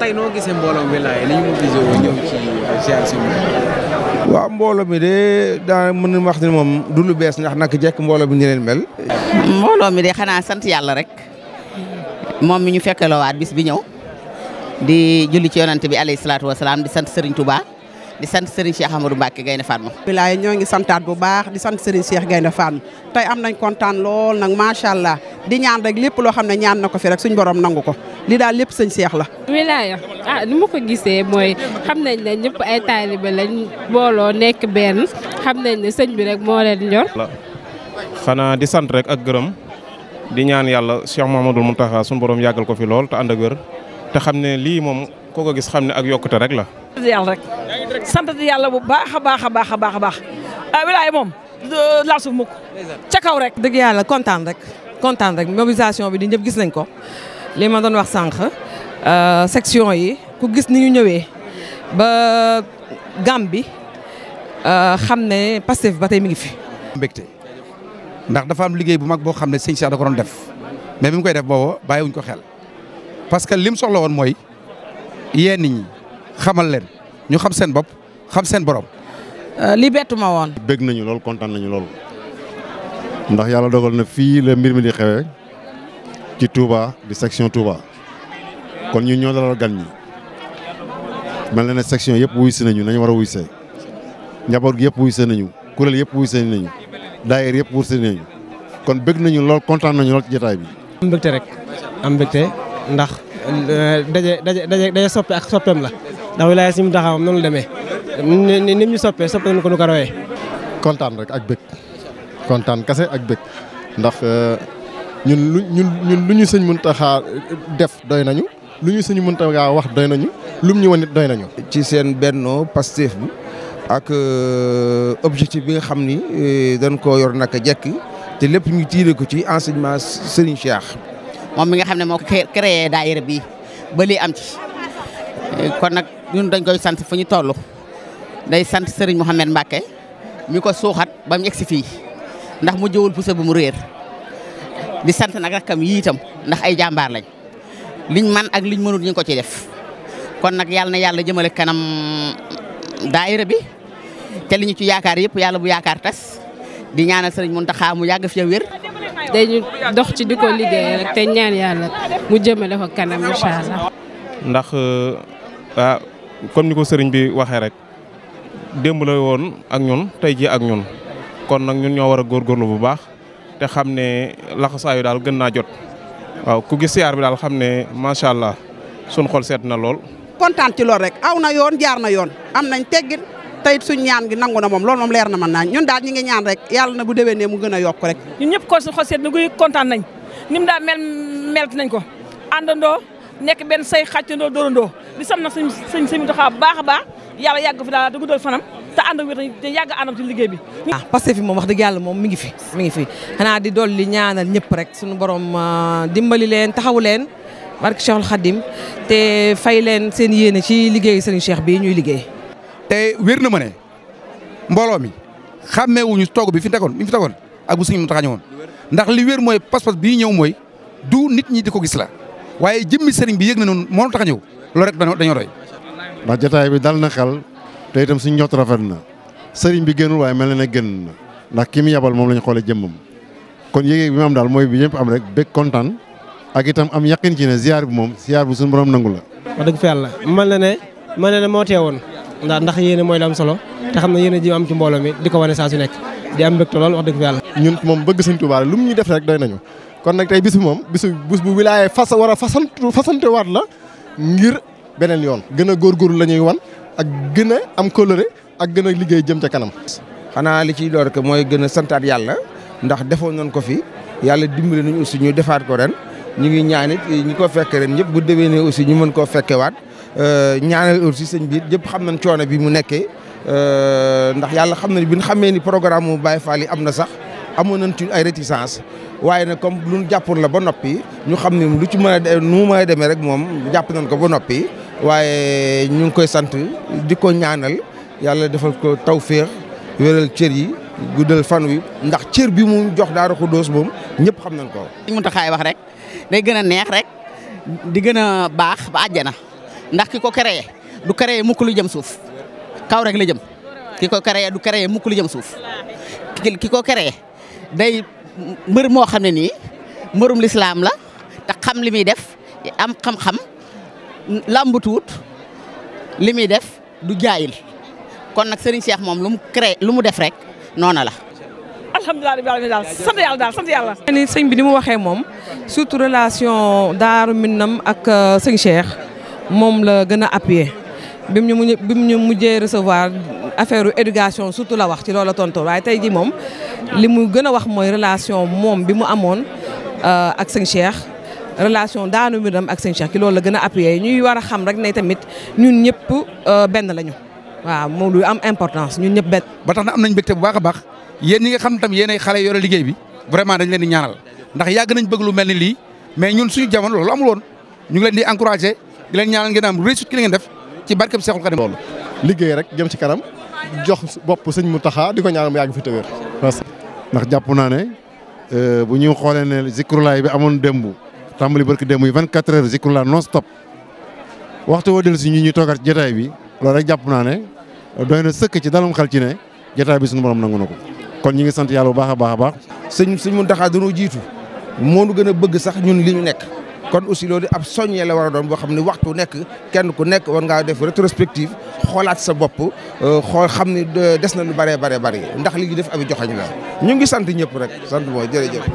tey noo gisee mbooloom wilaay ni ñu mobilisé woo ñëw ci ziar si mbooloo mi de daa mën na wax ne moom du lu bees ndax naka jekk mbooloo mi ñu leen mel. mbooloo mi de xanaa sant yàlla rek moom mi ñu fekkaloowaat bis bi ñëw di julli ci yonante bi alayhi salaatu wasalaam di sant Serigne Touba di sant Serigne Cheikh Amadou Mbacke Gaynde Fatma. wilaay ñoo ngi santaat bu baax di sant Serigne seex Gaynde Fatma tey am nañ kontaan lool nag macha allah di ñaan rek lépp loo xam ne ñaan na ko fi rek suñu borom nangu ko. li daal lépp sëñ Seex la. wilaaya ah ni ma ko gisee mooy xam nañ ne ñëpp ay taalibe lañ booloo nekk benn xam nañ ne sëñ bi rek moo leen ñor. xanaa di sant rek ak gërëm di ñaan yàlla Cheikh Mouhamadoul Mountakha suñu borom yàggal ko fi lool te ànd ak te xam ne lii moom koo ko gis xam ne ak yokkute rek la. yàlla rek yàlla bu baax a baax a baax a baax a baax wilaaya moom laal suuf mukk ca kaw rek. dëgg yàlla kontaan rek kontaan rek mobilisation bi di ñëpp gis nañ ko. li ma doon wax sànq euh, section yi ku gis ni ñu ñëwee ba gam bi euh, xam ne Pastef ba tey mi ngi fi. mbégte ndax dafa am liggéey bu mag boo xam ne sëñ Cheikh da ko doon def mais bi mu koy def boobu bàyyiwuñ ko xel parce que li mu soxla woon mooy yee nit ñi xamal leen ñu xam seen bopp xam seen borom. Euh, li bettu ma woon. bég nañu loolu kontaan nañu lool ndax yàlla dogal na fii la mbir mi di xewee. ci Touba di section Touba kon ñu ñoo dalal gan ñi mel na ne section yëpp wuy si nañu nañu war a wuy see njaboot gi yëpp wuy see nañu kuréel yëpp wuy see nañu daayir yëpp wuy see nañu kon bëgg nañu lool kontaan nañu lool ci jotaay bi. am mbégte rek am mbégte ndax euh, daje daje daje soppe ak soppeem la ndax wilaaya si mu taxawam noonu la demee ni ni ñu soppee soppe nañu ko nu ko rawee. kontaan rek ak bëgg kontaan kase ak bëgg ndax. Euh, ñun lu ñun lu ñu sëñ Muntaxa def doy nañu lu ñu sëñ Muntaxa wax doy nañu lum ñu wanit doy nañu. ci seen bennoo Pastef bi ak euh, objectif bi nga xam ni euh, dañ koo yor naka jekk te lépp ñu tiire ko ci enseignement Serigne Cheikh. moom mi nga xam ne moo créé daayira bi ba lii am kon nag ñun dañ koy sant fu ñu toll day sant Serigne Mouhamed Mbacke mi ko suuxat ba mu egsi fii ndax mu jëwul pousse bu mu réer. di sant nag rakkam yi itam ndax ay jàmbaar lañ liñ man ak liñ mënut ñu ko ci def kon nag yàlla na yàlla jëmale kanam daayira bi te liñu ñu ci yaakaar yëpp yàlla bu yaakaar tas di ñaanal sëriñ Muntaxa mu yàgg fi wér. ci di liggéey rek te ñaan yàlla mu jëmale ko kanam incha allah. ndax euh, ah ñu ko sëriñ bi waxee rek démb la woon ak ñun tey jii ak ñun kon nag ñun ñoo war a góorgóorlu bu baax. te xam ne laxasaayu daal gën naa jot waaw ku gis yar bi daal xam ne macha allah sunu xol seet na lool. kontaan ci lool rek aw na yoon jaar na yoon am nañ teggin tey suñ ñaan gi nangu na moom lool moom leer na man naa ñun daal ñi ngi ñaan rek yàlla na bu déwénee mu gën a yokk rek. ñun ñëpp ko suñu xol seet na guy kontaan nañ ni mu daal mel melt nañ ko àndandoo nekk benn say xàccandoo dóorandoo di sam na suñ suñ suñu doxaa baax a baax yàlla yàgg fi daal di te ànd ak wér te liggéey bi. ah parce que fi moom wax dëgg yàlla moom mi ngi fi mi ngi fi xanaa ñëpp rek suñu borom ah, dimbali leen taxawu leen barke Cheikhul Khadim te fay leen seen yéene ci liggéey sëriñ Cheikh bi ñuy liggéey. te wér na ma ne mbooloo mi xàmmee wuñu toog bi fi tegoon bi fi tegoon ak bu suñu mu taxañoon mooy pas bii ñëw mooy du nit ñi di ko gis la waaye jëmmi sëriñ bi yëg na noonu moo tax a ñëw loolu rek dañoo ndax jotaay bi dal na xel te tam suñ ñoot rafet na sëriñ bi gënul waaye mel na ne gën na ndax ki mu yabal moom la ñu xoolee jëmmam kon yéeg bi ma am daal mooy bi ñëpp am rek bég kontaan ak itam am yaqin ci ne ziar bi moom ziar bu suñu borom nangu la. wax dëgg fa la man la ne man la ne moo teewoon ndax ndax yéen mooy la am solo te xam na yéen ji am ci mbooloo mi di ko wane saa su nekk di am mbégte lool wax dëgg fa yàlla. ñun moom bëgg Sëriñ Tuubaa lu mu ñu def rek doy nañu kon nag tey moom bisu bis bu wilaayee fas war a fasantu fasantewaat la ngir beneen yoon gën a góorgóorlu la ñuy wan ak gën am coloré ak gën a liggéey jëm ca kanam. xanaa li ciy door ko mooy gën a santaat yàlla ndax defoon nañ ko fi yàlla dimbali nañ aussi ñu defaat ko ren ñu ngi ñaan it ñi ko fekk ren ñëpp bu nii aussi ñu mën koo fekkewaat euh, ñaanal aussi sëñ bi ñëpp xam nañ coono bi mu nekkee euh, ndax yàlla xam na bi nu xamee ni programme mu Baye Fall yi am na sax amoon nañ ci ay rétisance waaye nag comme lu ñu jàppoon la ba noppi ñu xam ne lu ci mën a nu mu mën demee rek moom jàpp nañ ko ba noppi. waaye ñu ngi koy sant di ko ñaanal yàlla defal ko tawféex wéral cër yi guddal fan wi ndax cër bi mu jox Daaru doos moom ñëpp xam nañ ko. li mu taxaay wax rek day gën a neex rek di gën a baax ba àjjana ndax ki ko créé du créé mukk lu suuf kaw la jëm ki ko créé du créé mukk lu suuf ki ko créé day mbër moo xam ne nii mbërum lislaam la te xam li def am xam-xam. làmbatuwut li muy def du jaayil kon nag Serigne Cheikh moom lu mu créé lu mu def rek noona la. alhamdulilah rabbil alamin daal sant yàlla daal sant yàlla. ni sëñ bi ni mu waxee moom surtout relation Daaru Minam ak euh, sëñ Cheikh moom la gën a appuyé bi mu ñu bi mu ñu mujjee recevoir affaire éducation surtout la wax ci loola tontu waaye tey ji moom li mu gën a wax mooy relation moom bi mu amoon euh, ak sëñ Cheikh. relation daanu miram ak sëñ Cheikh ki loolu la gën a appuyé ñuy war a xam rek ne tamit ñun ñëpp euh, benn lañu waaw moom lu am importance ñun ñëpp benn. ba tax na am nañ mbégte bu baax a baax yéen ñi nga xam tam yéenay xale yore liggéey bi vraiment dañ leen di ñaanal ndax yàgg nañ bëgg lu mel ni lii mais ñun suñu jamono loolu amul woon ñu ngi leen di encouragé di leen ñaanal ngeen am réussite ki la ngeen def ci barkeb Seexul Xadim loolu liggéey rek jëm ci kanam jox bopp sëñ Mountakha di ko ñaanal mu yàgg fi tëwër ndax jàpp naa ne euh, bu ñu xoolee ne zikrulaay bi amoon démb tàmbali barki démb yi 24 heures zikru la non stop waxtu woo dellu si ñu ñuy toogaat ci jotaay bi loolu rek jàpp naa ne doy na sëkk ci dalum xal ci ne jotaay bi suñu borom nangu na ko kon ñu ngi sant yàlla bu baax a baax a baax. sëñ sëñ Muntaxa dañoo jiitu moo nu gën a bëgg sax ñun li ñu nekk kon aussi loolu ab soññee la war a doon boo xam ne waxtu nekk kenn ku nekk war ngaa def rétrospective xoolaat sa bopp euh, xool xam ne euh, des na lu bëree bare bëri ndax li ñu def ab joxañ la ñu ngi sant ñëpp rek sant mooy jërëjëf.